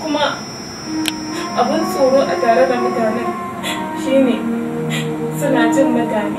kuma abin tsoro a tare da mutanen shine suna jin mutane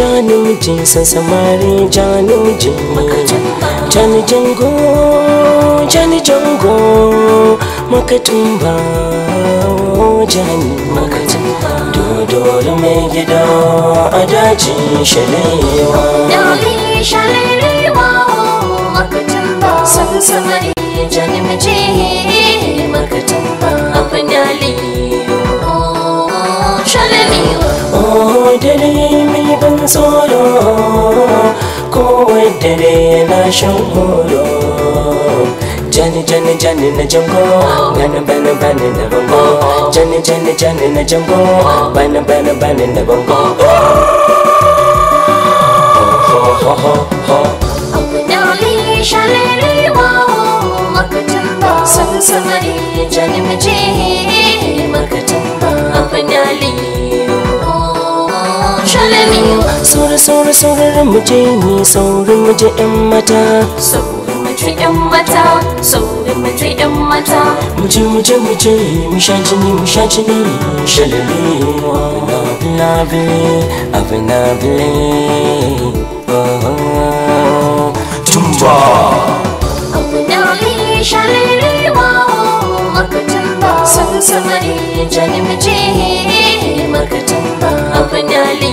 janumji san samari janumji jan jango jan jango makatumba oh, jani dodoro me gida a dajin shalewa san samari janumji Oh, oh, oh, oh, Oh, oh tsoro ko da ne na shan horo jani jani jani na jango bana bana bana na bango jani jani jani na jango bana bana bana na bango ho ho ho abu dauli shalerewa makatan ba jani mace makatan sauri saurin muje ni saurin muje yan mata Sauri muje yan mata Sauri muje yan mata muje muje mu sha jini mu sha jini shalini abinabe abinabe tumba mace shalini Sansanari janimje makatamba abinali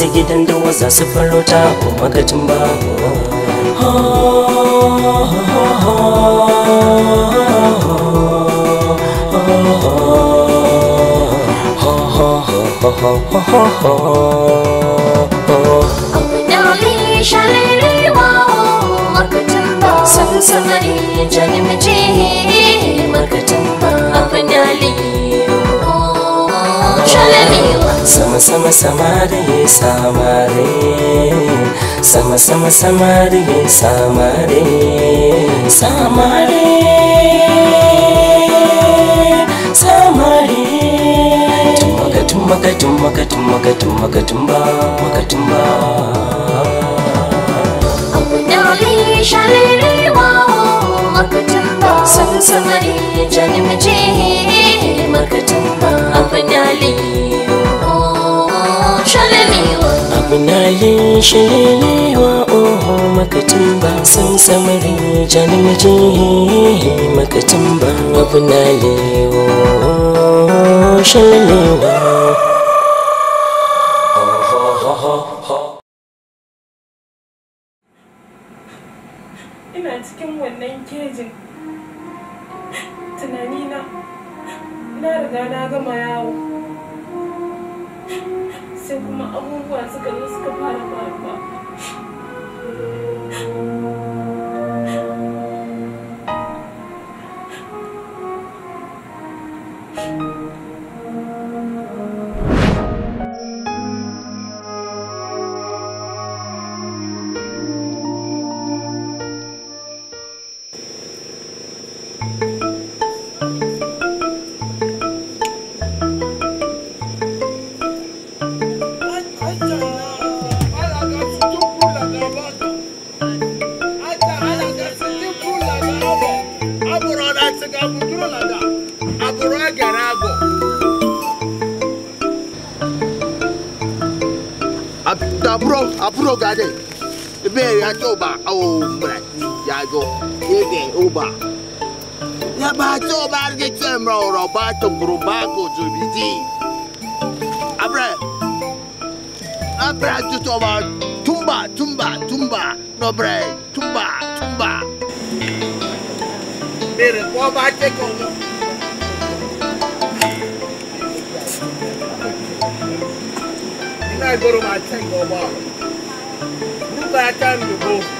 sigi gidan waza wasa su farauta ko magajin babu Sun samari jalim jihi sama sama samare samare sama sama samare samare samare samare tumaka tumaka tumaka tumaka tumaka tumba tumaka tumba Sun samari jalimce makatumba apa dali abu na yin shi wa oho makatin ba sun samari janin jihi makacin ba abu na lewo shalalewa 맞아 말겠지 뭐 로바토 브로바고 주비지 아브라 아브라 주토바 툼바 툼바 툼바 노브레 툼바 툼바 Mira, qual bate com Now go to my tank or bar. Look at that time you go.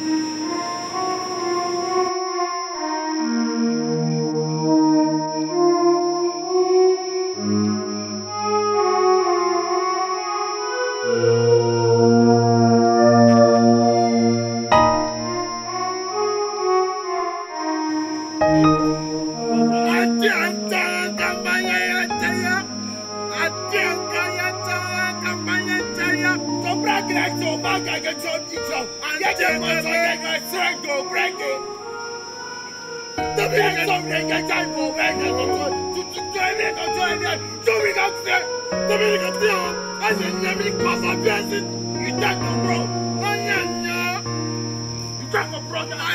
Mm-hmm.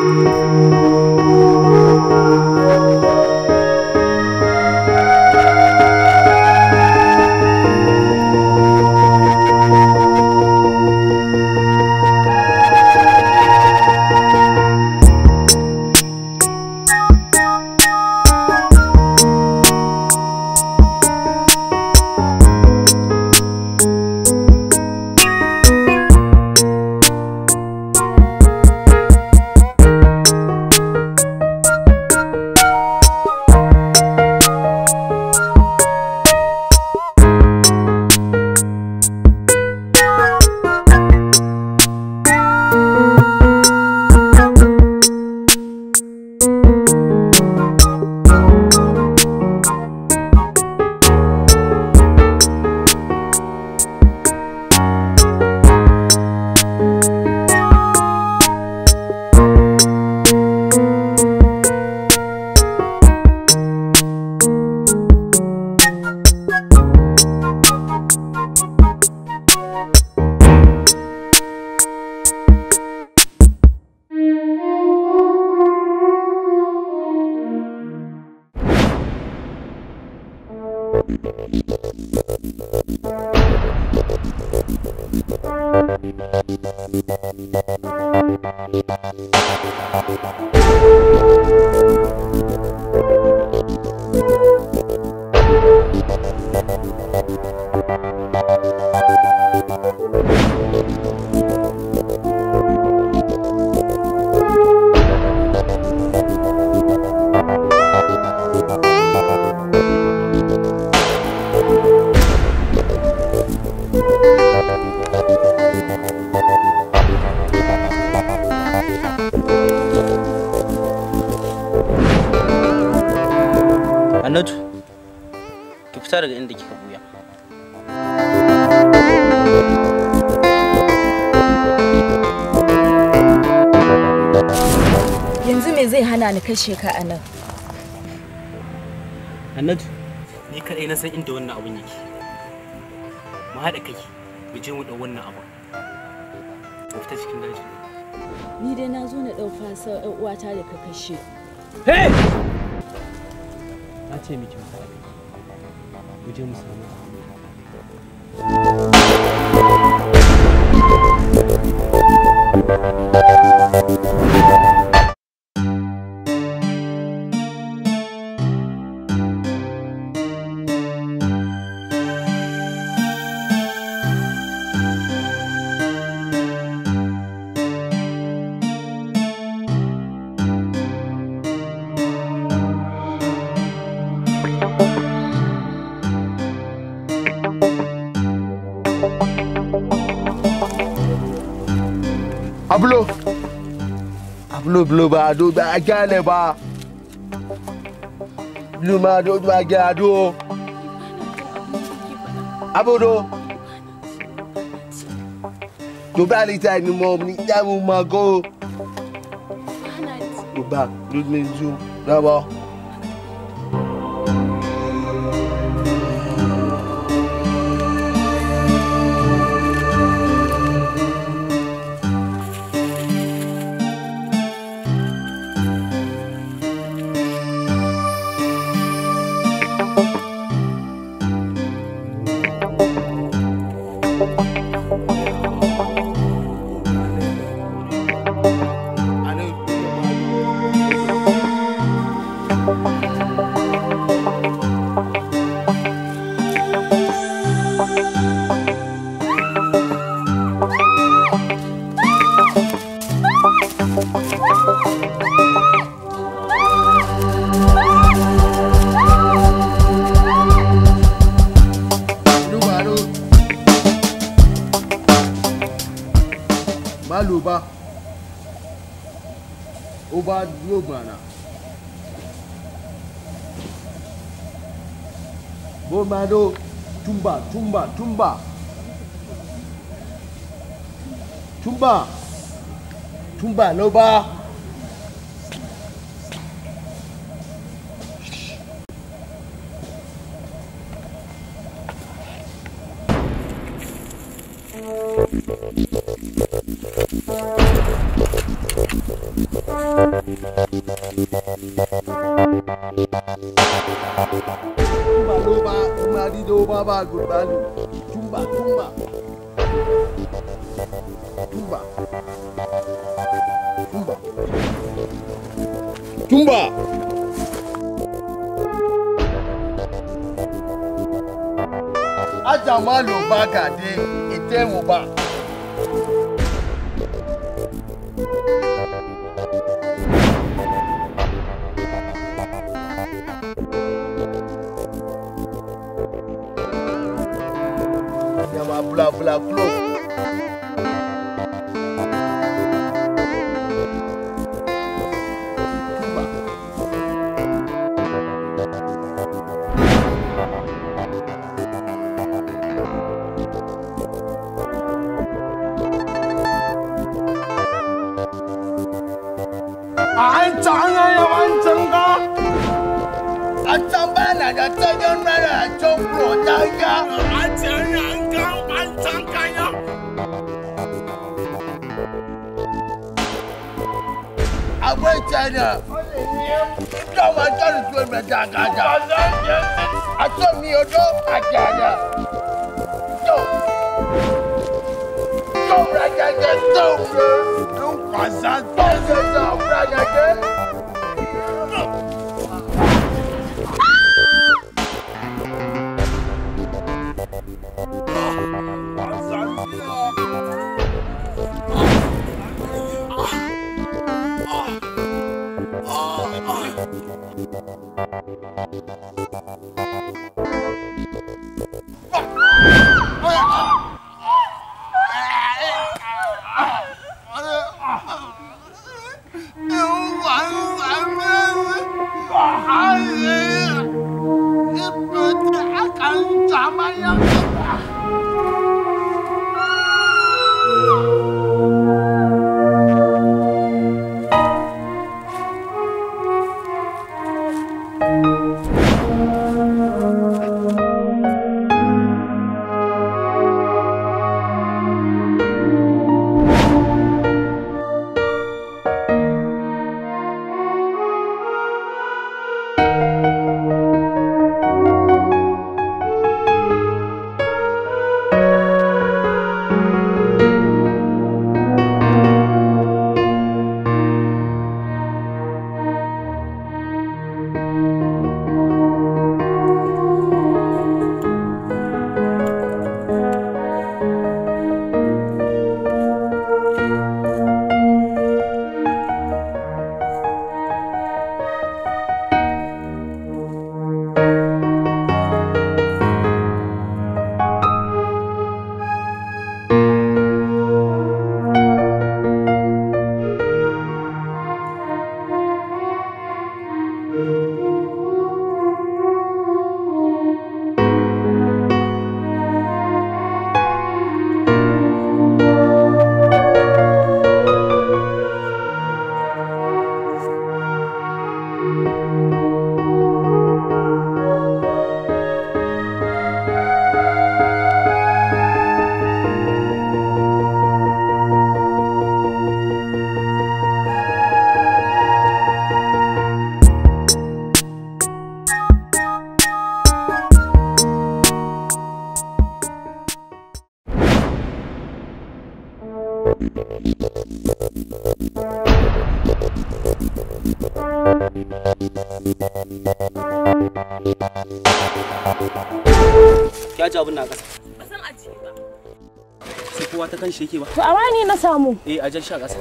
you. Bye. kashe ka a nan? Hannatu, ni kaɗai na san inda wannan abun yake. Mu haɗa kai, mu je mu ɗau wannan abun. Mu fita cikin daji. Ni dai na zo na ɗau fasa ‘yan uwata da ka kashe. Hey! Na ce miki mu haɗa kai, mu je mu samu Ablo. Ablo blo ba do ba gale ba. Blo ma do ba gado. Abodo. Do ba li ta ni mo ni ya mo ma go. Do ba do me Bye. 줌바 줌바 줌바 줌바 노바 Tumba doba, umari doba ba gurbalu. Tumba, tumba. Tumba. Tumba. Tumba. Ajamalu bagade, itemu ba. akwai china dama tsarin tuwon mai tagada a son Don't a china to to rajage to n kwasa to se to rajage Thank you. shi yake ba to a na samu eh a jan sha ƙasa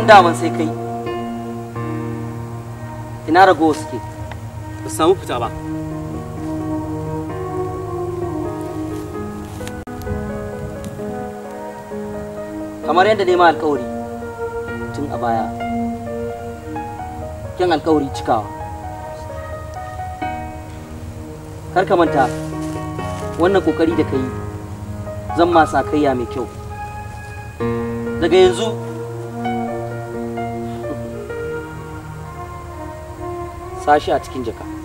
san daman sai kai ina rago suke ba samu fita ba kamar yadda nema alkawari tun a baya kyan alkawari cikawa kar ka manta wannan kokari da ka yi zan masa kayya mai kyau daga yanzu sashi a cikin jaka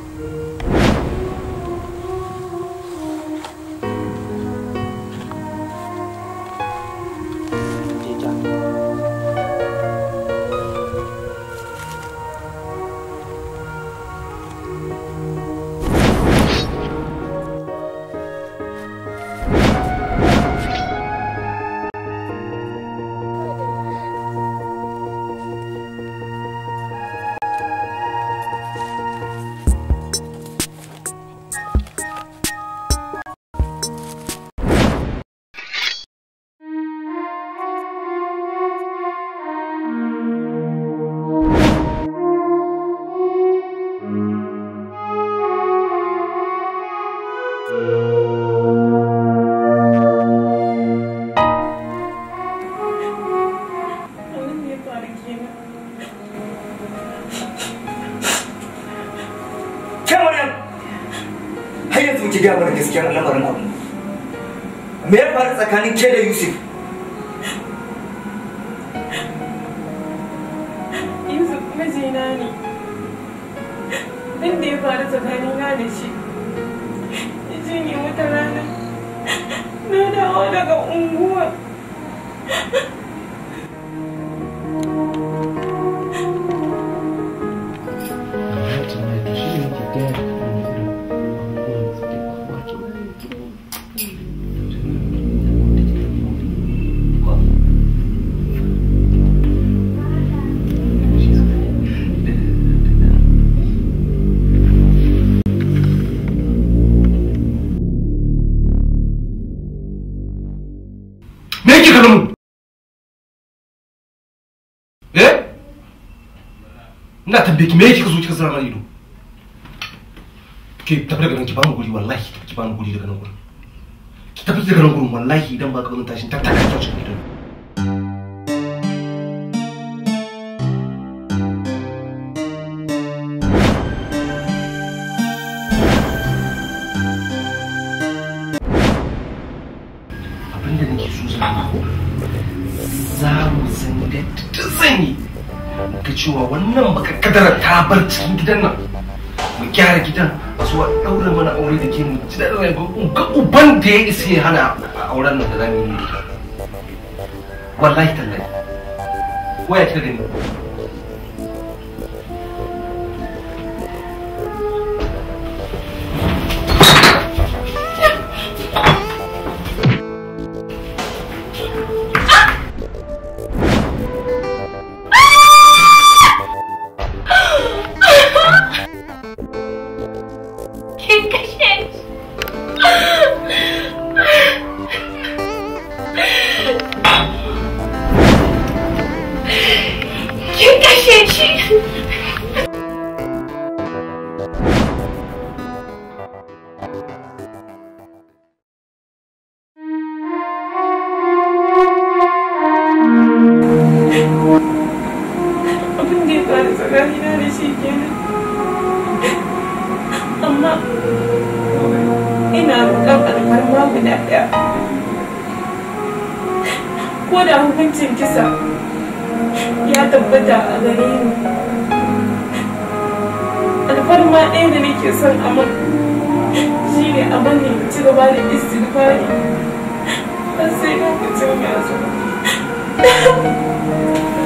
切的游戏。tambaye kime kika kika zara ido ki tafi daga nan ki ba guri wallahi ki guri daga nan gurin ki tafi daga nan gurin wallahi idan ba ka bani tashin ta ta ta ta cewa wannan baka kadara ta bar cikin gidan nan mu gyara gidan zuwa daura mana aure da ke mu ji daɗin rayuwa ga uban da ya isa ya hana auren nan da zamu yi wallahi tallahi waya da ni a bani ci gaba da istighfari har sai na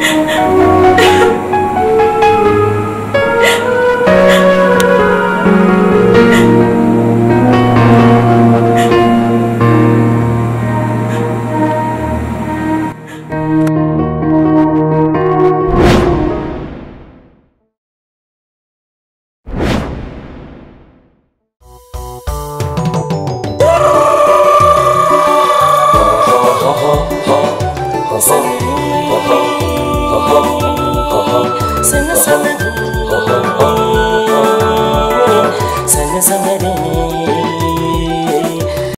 fito